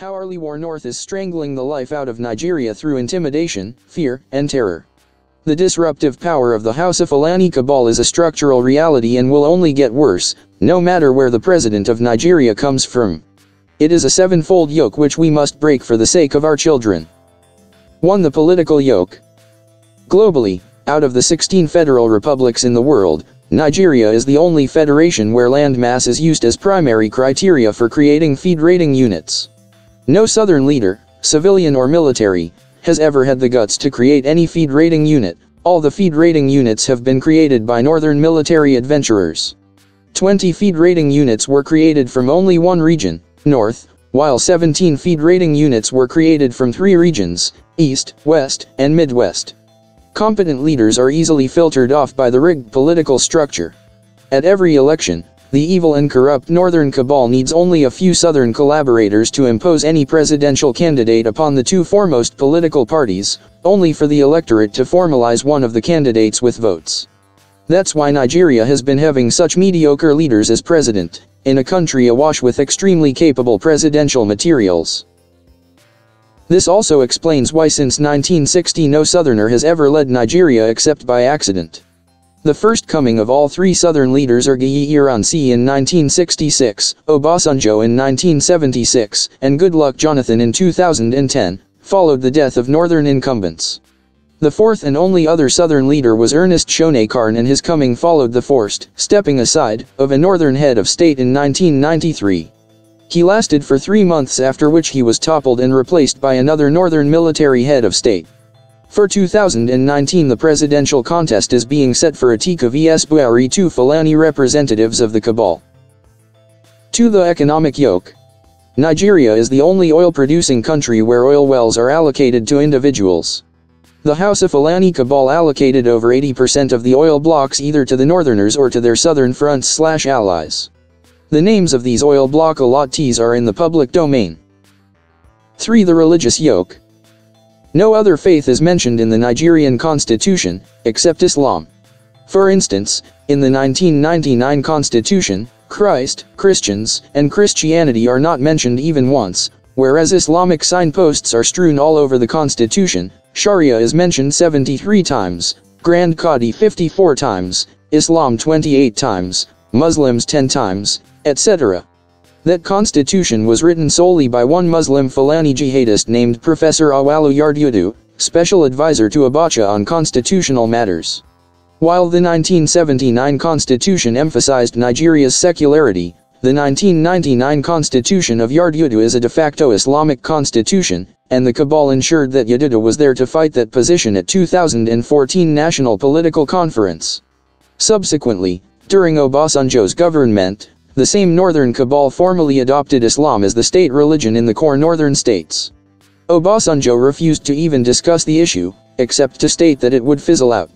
How early war north is strangling the life out of Nigeria through intimidation, fear, and terror. The disruptive power of the House of Fulani cabal is a structural reality and will only get worse, no matter where the president of Nigeria comes from. It is a sevenfold yoke which we must break for the sake of our children. 1. The political yoke. Globally, out of the 16 federal republics in the world, Nigeria is the only federation where landmass is used as primary criteria for creating feed rating units. No Southern leader, civilian or military, has ever had the guts to create any feed rating unit. All the feed rating units have been created by Northern military adventurers. 20 feed rating units were created from only one region, North, while 17 feed rating units were created from three regions, East, West, and Midwest. Competent leaders are easily filtered off by the rigged political structure. At every election, the evil and corrupt northern cabal needs only a few southern collaborators to impose any presidential candidate upon the two foremost political parties, only for the electorate to formalize one of the candidates with votes. That's why Nigeria has been having such mediocre leaders as president, in a country awash with extremely capable presidential materials. This also explains why since 1960 no southerner has ever led Nigeria except by accident. The first coming of all three Southern leaders are Giyiransi in 1966, Obasanjo in 1976, and Goodluck Jonathan in 2010, followed the death of Northern incumbents. The fourth and only other Southern leader was Ernest Shonekarn and his coming followed the forced, stepping aside, of a Northern head of state in 1993. He lasted for three months after which he was toppled and replaced by another Northern military head of state. For 2019 the presidential contest is being set for Atika vs Buhari two Fulani representatives of the cabal. To the economic yoke. Nigeria is the only oil-producing country where oil wells are allocated to individuals. The House of Fulani cabal allocated over 80% of the oil blocks either to the northerners or to their southern Front slash allies. The names of these oil block allottees are in the public domain. 3. The religious yoke. No other faith is mentioned in the Nigerian constitution, except Islam. For instance, in the 1999 constitution, Christ, Christians, and Christianity are not mentioned even once, whereas Islamic signposts are strewn all over the constitution, Sharia is mentioned 73 times, Grand Qadi 54 times, Islam 28 times, Muslims 10 times, etc. That constitution was written solely by one Muslim Fulani jihadist named Professor Awalu Yardyudu, special advisor to Abacha on constitutional matters. While the 1979 constitution emphasized Nigeria's secularity, the 1999 constitution of Yardyudu is a de facto Islamic constitution, and the cabal ensured that Yadudu was there to fight that position at 2014 National Political Conference. Subsequently, during Obasanjo's government, the same northern cabal formally adopted Islam as the state religion in the core northern states. Obasanjo refused to even discuss the issue, except to state that it would fizzle out.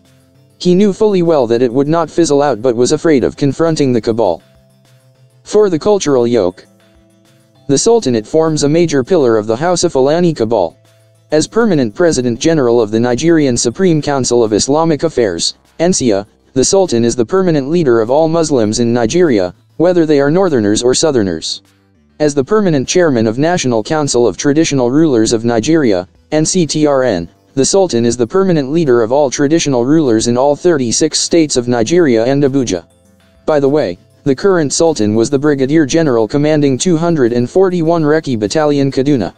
He knew fully well that it would not fizzle out but was afraid of confronting the cabal. For the cultural yoke, the Sultanate forms a major pillar of the House of Fulani Cabal. As permanent President General of the Nigerian Supreme Council of Islamic Affairs, NCA, the Sultan is the permanent leader of all Muslims in Nigeria, whether they are Northerners or Southerners. As the permanent chairman of National Council of Traditional Rulers of Nigeria, NCTRN, the Sultan is the permanent leader of all traditional rulers in all 36 states of Nigeria and Abuja. By the way, the current Sultan was the Brigadier General commanding 241 Reki Battalion Kaduna.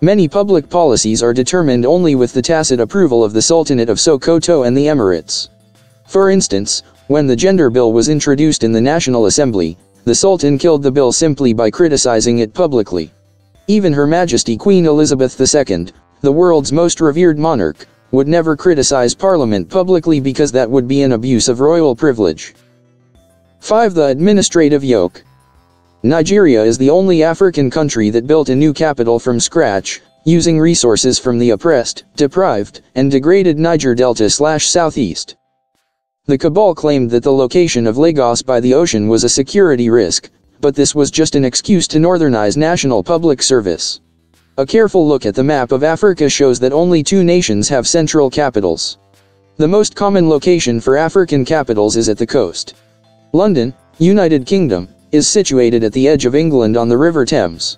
Many public policies are determined only with the tacit approval of the Sultanate of Sokoto and the Emirates. For instance, when the gender bill was introduced in the National Assembly, the Sultan killed the bill simply by criticizing it publicly. Even Her Majesty Queen Elizabeth II, the world's most revered monarch, would never criticize Parliament publicly because that would be an abuse of royal privilege. 5. The Administrative Yoke Nigeria is the only African country that built a new capital from scratch, using resources from the oppressed, deprived, and degraded Niger Delta slash Southeast. The cabal claimed that the location of Lagos by the ocean was a security risk, but this was just an excuse to northernize national public service. A careful look at the map of Africa shows that only two nations have central capitals. The most common location for African capitals is at the coast. London, United Kingdom, is situated at the edge of England on the River Thames.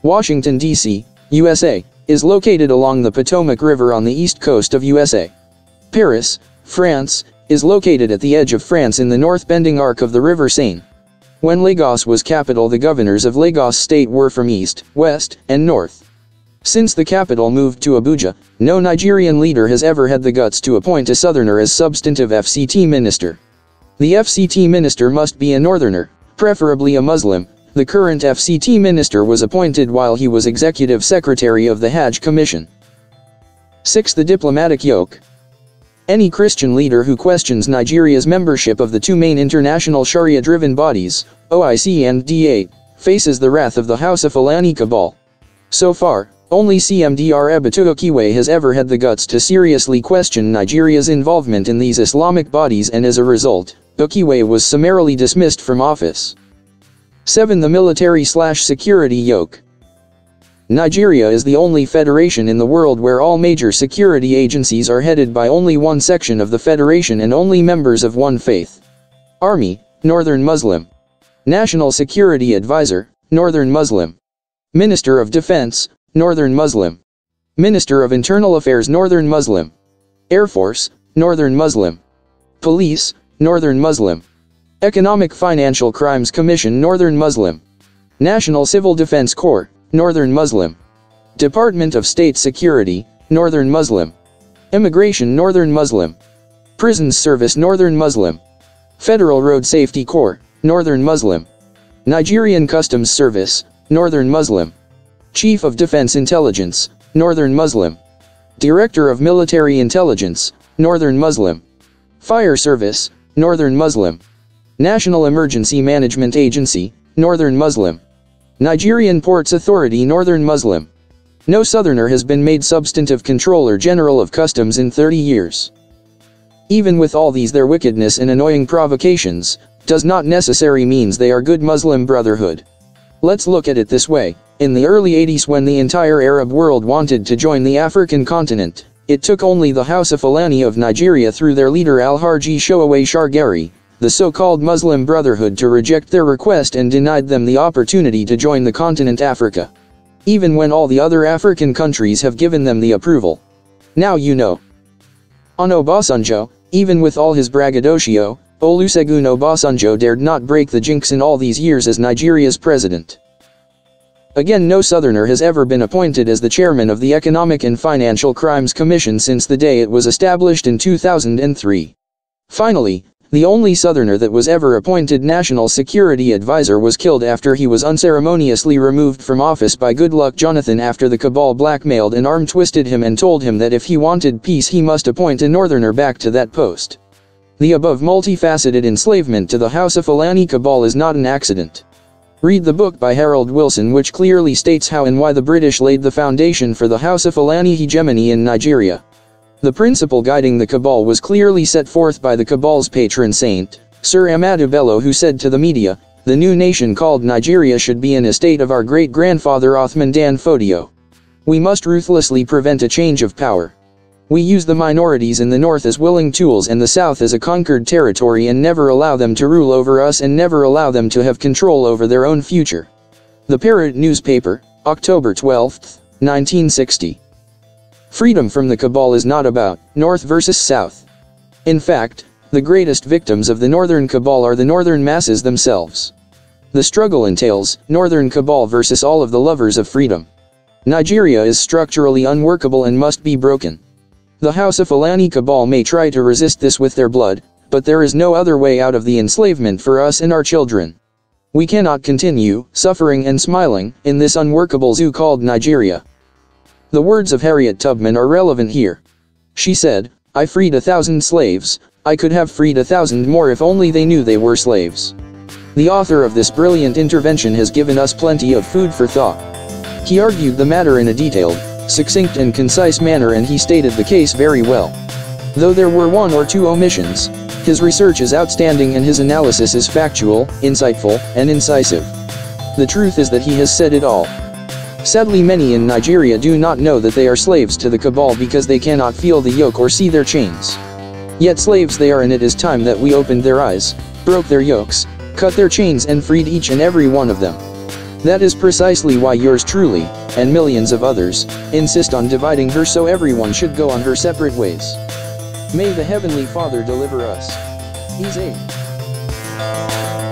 Washington, D.C., USA, is located along the Potomac River on the east coast of USA. Paris, France, is located at the edge of France in the north bending arc of the River Seine. When Lagos was capital the governors of Lagos state were from east, west, and north. Since the capital moved to Abuja, no Nigerian leader has ever had the guts to appoint a southerner as substantive FCT minister. The FCT minister must be a northerner, preferably a Muslim. The current FCT minister was appointed while he was executive secretary of the Hajj Commission. 6. The diplomatic yoke any Christian leader who questions Nigeria's membership of the two main international Sharia-driven bodies, OIC and DA, faces the wrath of the House of Fulani cabal. So far, only CMDR Abatuokiwe has ever had the guts to seriously question Nigeria's involvement in these Islamic bodies and as a result, Okiwe was summarily dismissed from office. 7. The military-slash-security yoke Nigeria is the only federation in the world where all major security agencies are headed by only one section of the federation and only members of one faith. Army, Northern Muslim. National Security Advisor, Northern Muslim. Minister of Defense, Northern Muslim. Minister of Internal Affairs Northern Muslim. Air Force, Northern Muslim. Police, Northern Muslim. Economic Financial Crimes Commission Northern Muslim. National Civil Defense Corps, Northern Muslim. Department of State Security, Northern Muslim. Immigration Northern Muslim. Prisons Service Northern Muslim. Federal Road Safety Corps, Northern Muslim. Nigerian Customs Service, Northern Muslim. Chief of Defense Intelligence, Northern Muslim. Director of Military Intelligence, Northern Muslim. Fire Service, Northern Muslim. National Emergency Management Agency, Northern Muslim. Nigerian Ports Authority Northern Muslim. No Southerner has been made substantive Controller General of Customs in 30 years. Even with all these their wickedness and annoying provocations, does not necessary means they are good Muslim Brotherhood. Let's look at it this way, in the early 80s when the entire Arab world wanted to join the African continent, it took only the House of Fulani of Nigeria through their leader Alhaji Showaway Shargari, the so-called Muslim Brotherhood to reject their request and denied them the opportunity to join the continent Africa. Even when all the other African countries have given them the approval. Now you know. On Obasanjo, even with all his braggadocio, Olusegun Obasanjo dared not break the jinx in all these years as Nigeria's president. Again no Southerner has ever been appointed as the chairman of the Economic and Financial Crimes Commission since the day it was established in 2003. Finally, the only Southerner that was ever appointed National Security Advisor was killed after he was unceremoniously removed from office by Good Luck Jonathan after the cabal blackmailed and arm twisted him and told him that if he wanted peace he must appoint a Northerner back to that post. The above multifaceted enslavement to the House of Fulani cabal is not an accident. Read the book by Harold Wilson which clearly states how and why the British laid the foundation for the House of Fulani hegemony in Nigeria. The principle guiding the cabal was clearly set forth by the cabal's patron saint, Sir Amadubello Bello who said to the media, the new nation called Nigeria should be in a state of our great-grandfather Othman Dan Fodio. We must ruthlessly prevent a change of power. We use the minorities in the North as willing tools and the South as a conquered territory and never allow them to rule over us and never allow them to have control over their own future. The Parrot Newspaper, October 12, 1960 Freedom from the cabal is not about North versus South. In fact, the greatest victims of the Northern cabal are the Northern masses themselves. The struggle entails Northern cabal versus all of the lovers of freedom. Nigeria is structurally unworkable and must be broken. The House of Fulani cabal may try to resist this with their blood, but there is no other way out of the enslavement for us and our children. We cannot continue, suffering and smiling, in this unworkable zoo called Nigeria. The words of Harriet Tubman are relevant here. She said, I freed a thousand slaves, I could have freed a thousand more if only they knew they were slaves. The author of this brilliant intervention has given us plenty of food for thought. He argued the matter in a detailed, succinct and concise manner and he stated the case very well. Though there were one or two omissions, his research is outstanding and his analysis is factual, insightful, and incisive. The truth is that he has said it all. Sadly many in Nigeria do not know that they are slaves to the cabal because they cannot feel the yoke or see their chains. Yet slaves they are and it is time that we opened their eyes, broke their yokes, cut their chains and freed each and every one of them. That is precisely why yours truly, and millions of others, insist on dividing her so everyone should go on her separate ways. May the Heavenly Father deliver us. He's a.